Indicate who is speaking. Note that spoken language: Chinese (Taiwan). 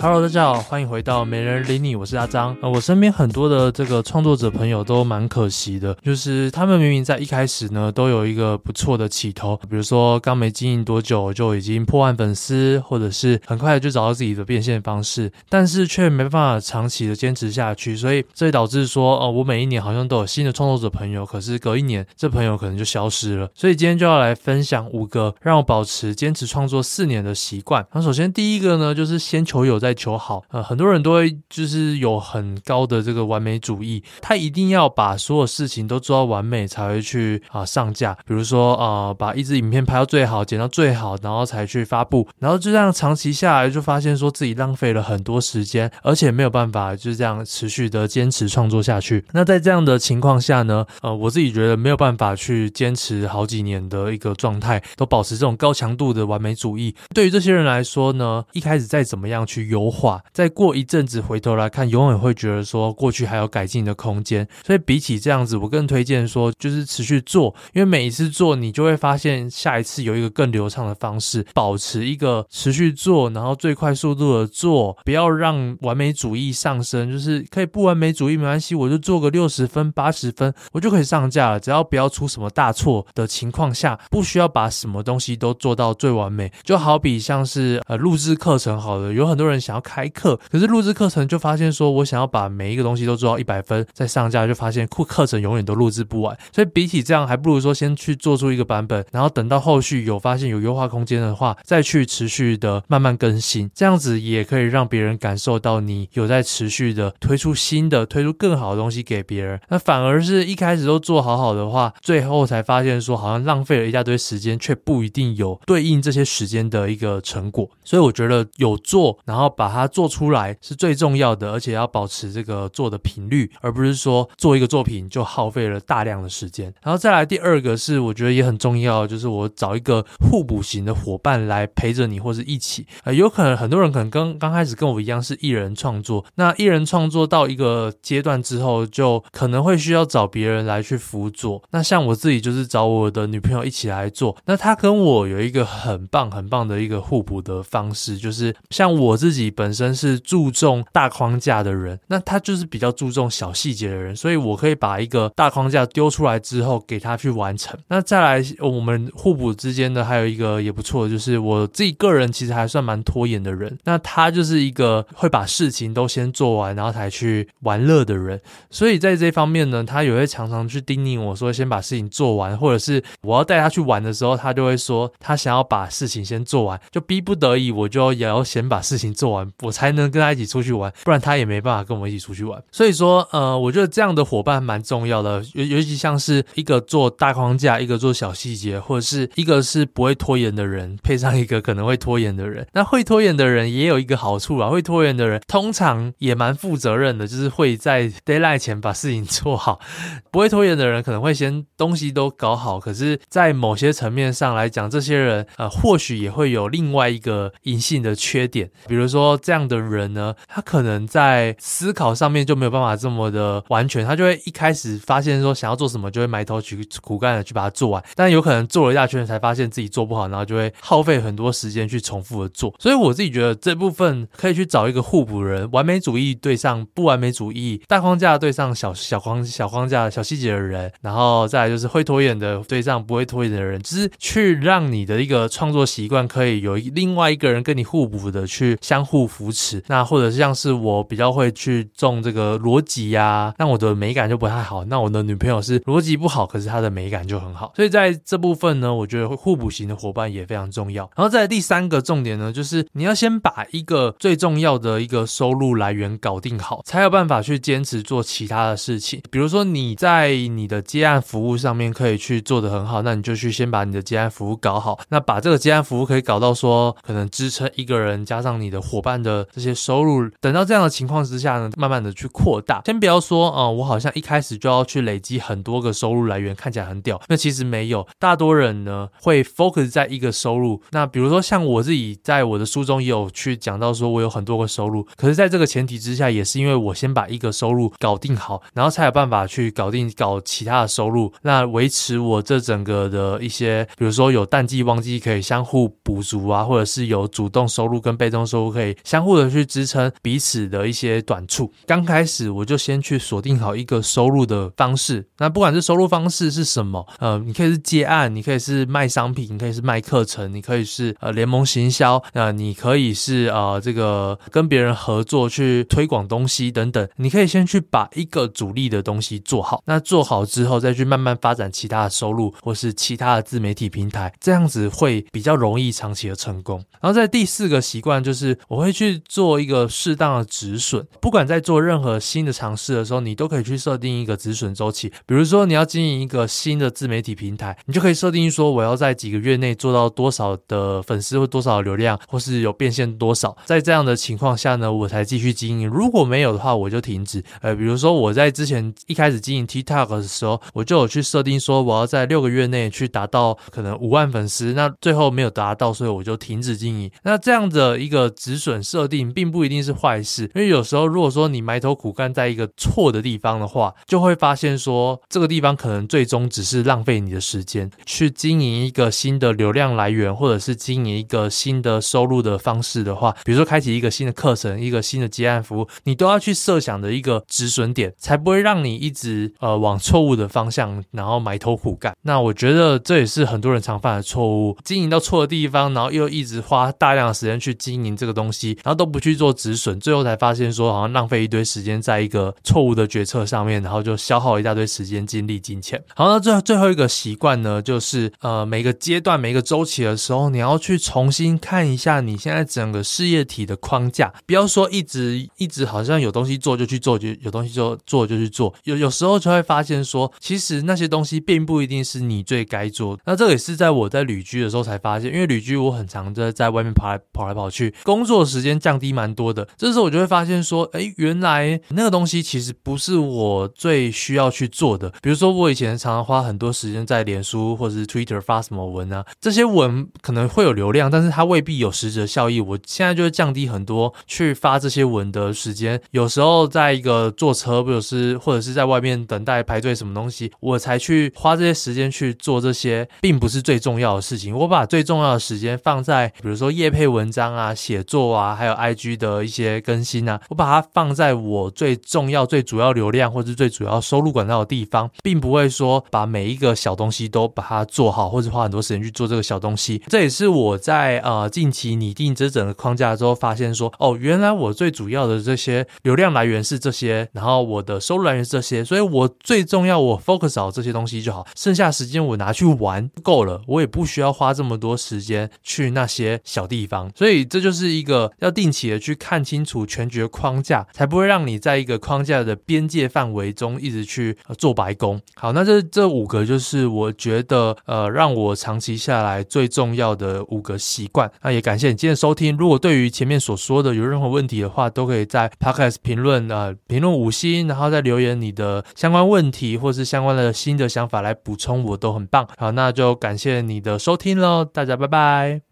Speaker 1: Hello，大家好，歡迎回到媒人理你，我是阿璋。啊、呃，我身邊很多的這個創作者朋友都蠻可惜的，就是他們明明在一開始呢，都有一個不錯的起頭，比如說剛沒經營多久就已經破萬粉絲，或者是很快就找到自己的變現方式，但是卻沒辦法長期的堅持下去。所以這也導致說，呃，我每一年好像都有新的創作者朋友，可是隔一年這朋友可能就消失了。所以今天就要來分享五個讓我保持堅持創作四年的習慣。那、啊、首先第一個呢，就是先求有再。再求好，呃，很多人都會就是有很高的這個完美主義，他一定要把所有事情都做到完美才會去啊、呃、上架，比如說啊、呃、把一支影片拍到最好，剪到最好，然後才去發布，然後就這樣長期下來就發現說自己浪費了很多時間，而且沒有辦法就這樣持續的堅持創作下去。那在這樣的情況下呢，呃，我自己覺得沒有辦法去堅持好幾年的一個狀態，都保持這種高強度的完美主義，對於這些人來說呢，一開始再怎麼樣去用。優化，再過一陣子回頭來看，永遠會覺得說，過去還有改進的空間。所以比起這樣子，我更推薦說就是持續做，因為每一次做，你就會發現下一次有一個更流暢的方式。保持一個持續做，然後最快速度的做，不要讓完美主義上升。就是可以不完美主義沒關係，我就做個六十分、八十分，我就可以上架了。只要不要出什麼大錯的情況下，不需要把什麼東西都做到最完美。就好比像是呃錄制課程好了，有很多人想。想要開課，可是錄製課程就發現，說我想要把每一個東西都做到一百分再上架，就發現庫課程永遠都錄製不完，所以比起這樣，還不如說先去做出一個版本，然後等到後續有發現有優化空間的話，再去持續的慢慢更新，這樣子也可以讓別人感受到你有在持續的推出新的、推出更好的東西給別人。那反而是一開始都做好好的話，最後才發現說好像浪費了一大堆時間，卻不一定有對應這些時間的一個成果。所以我覺得有做，然後。把它做出來是最重要的，而且要保持這個做的頻率，而不是說做一個作品就耗費了大量的時間。然後再來第二個是，我覺得也很重要，就是我找一個互補型的夥伴來陪着你或者一起。呃，有可能很多人可能剛剛開始跟我一樣是一人創作，那一人創作到一個階段之後，就可能會需要找別人來去輔佐。那像我自己就是找我的女朋友一起來做，那她跟我有一個很棒很棒的一個互補的方式，就是像我自己。本身是注重大框架的人，那他就是比較注重小細節的人，所以我可以把一個大框架丟出來之後，給他去完成。那再來，我們互補之間的還有一個也不錯，就是我自己個人其實還算蠻拖延的人，那他就是一個會把事情都先做完，然後才去玩樂的人。所以在這方面呢，他也會常常去叮嚀我說先把事情做完，或者是我要帶他去玩的時候，他就會說他想要把事情先做完，就逼不得已我就也要先把事情做完。我才能跟他一起出去玩，不然他也沒辦法跟我們一起出去玩。所以說，呃，我覺得這樣的伙伴蠻重要的，尤尤其像是一個做大框架，一個做小細節，或者是一個是不會拖延的人，配上一個可能會拖延的人。那會拖延的人也有一個好處啊，會拖延的人通常也蠻負責任的，就是會在 deadline 前把事情做好。 不會拖延的人可能會先東西都搞好，可是，在某些層面上來講，這些人呃，或許也會有另外一個隱性的缺點，比如說。這樣的人呢，他可能在思考上面就沒有辦法這麼的完全，他就會一開始發現說想要做什麼，就會埋頭去苦幹的去把它做完，但有可能做了一大圈才發現自己做不好，然後就會耗費很多時間去重複的做。所以我自己覺得這部分可以去找一個互補人，完美主義對上不完美主義，大框架對上小小框小框架小細節的人，然後再來就是會拖延的對上不會拖延的人，只、就是去讓你的一個創作習慣可以有另外一個人跟你互補的去相。互扶持，那或者像是我比較會去種這個邏輯呀、啊，那我的美感就不太好。那我的女朋友是邏輯不好，可是她的美感就很好。所以在這部分呢，我覺得互補型的夥伴也非常重要。然後在第三個重點呢，就是你要先把一個最重要的一個收入來源搞定好，才有辦法去堅持做其他的事情。比如說你在你的接案服務上面可以去做得很好，那你就去先把你的接案服務搞好。那把這個接案服務可以搞到說，可能支撐一個人加上你的活。伙伴的這些收入，等到這樣的情況之下呢，慢慢的去擴大。先不要說啊，嗯，我好像一開始就要去累積很多個收入來源，看起來很屌。那其實沒有，大多人呢會 focus 在一個收入。那比如說像我自己，在我的書中也有去講到，說我有很多個收入。可是，在這個前提之下，也是因為我先把一個收入搞定好，然後才有辦法去搞定搞其他的收入，那維持我這整個的一些，比如說有淡季旺季可以相互補足啊，或者是有主動收入跟被動收入可以。相互的去支撐彼此的一些短處。剛開始我就先去鎖定好一個收入的方式。那不管是收入方式是什麼，呃，你可以是接案，你可以是賣商品，你可以是賣課程，你可以是呃聯盟行銷，呃，那你可以是呃這個跟別人合作去推廣東西等等。你可以先去把一個主力的東西做好。那做好之後，再去慢慢發展其他的收入或是其他的自媒體平台，這樣子會比較容易長期的成功。然後在第四個習慣就是我。我會去做一個適當的止損。不管在做任何新的嘗試的時候，你都可以去設定一個止損週期。比如說，你要經營一個新的自媒體平台，你就可以設定說，我要在幾個月內做到多少的粉絲或多少的流量，或是有變現多少。在這樣的情況下呢，我才繼續經營。如果沒有的話，我就停止。呃，比如說我在之前一開始經營 TikTok 的時候，我就有去設定說，我要在六個月內去達到可能五萬粉絲。那最後沒有達到，所以我就停止經營。那這樣的一個止損。準設定並不一定是壞事，因為有時候如果說你埋頭苦幹在一個錯的地方的話，就會發現說這個地方可能最終只是浪費你的時間。去經營一個新的流量來源，或者是經營一個新的收入的方式的話，比如說開啟一個新的課程，一個新的接案服務，你都要去設想的一個止損點，才不會讓你一直呃往錯誤的方向，然後埋頭苦幹。那我覺得這也是很多人常犯的錯誤，經營到錯的地方，然後又一直花大量的時間去經營這個東西。然後都不去做止損，最後才發現說好像浪費一堆時間在一個錯誤的決策上面，然後就消耗一大堆時間、精力、金錢。好，那最後最後一個習慣呢，就是呃每個階段、每個周期的時候，你要去重新看一下你現在整個事業體的框架，不要說一直一直好像有東西做就去做，就有，有東西就做，做就去做，有有時候就會發現說，其實那些東西並不一定是你最該做的。那這個也是在我在旅居的時候才發現，因為旅居我很常的在外面跑來跑來跑去工作。時間降低蠻多的，這時候我就會發現說，哎，原來那個東西其實不是我最需要去做的。比如說，我以前常常花很多時間在臉書或者是 Twitter 發什麼文啊，這些文可能會有流量，但是它未必有實質效益。我現在就是降低很多去發這些文的時間，有時候在一個坐車或者是或者是在外面等待排隊什麼東西，我才去花這些時間去做這些，並不是最重要的事情。我把最重要的時間放在，比如說業配文章啊，寫作啊。啊，還有 IG 的一些更新啊，我把它放在我最重要、最主要流量或者最主要收入管道的地方，並不會說把每一個小東西都把它做好，或者花很多時間去做這個小東西。這也是我在呃近期擬定這整個框架之後，發現說，哦，原來我最主要的這些流量來源是這些，然後我的收入來源是這些，所以我最重要我 focus 好這些東西就好，剩下時間我拿去玩夠了，我也不需要花這麼多時間去那些小地方，所以這就是一個。要定期的去看清楚全局的框架，才不會讓你在一個框架的邊界範圍中一直去做白工。好，那這這五個就是我覺得呃，讓我長期下來最重要的五個習慣。那也感謝你今天收聽。如果對於前面所說的有任何問題的話，都可以在 Podcast 評論啊，呃，評論五星，然後再留言你的相關問題或是相關的新的想法來補充，我都很棒。好，那就感謝你的收聽嘍，大家拜拜。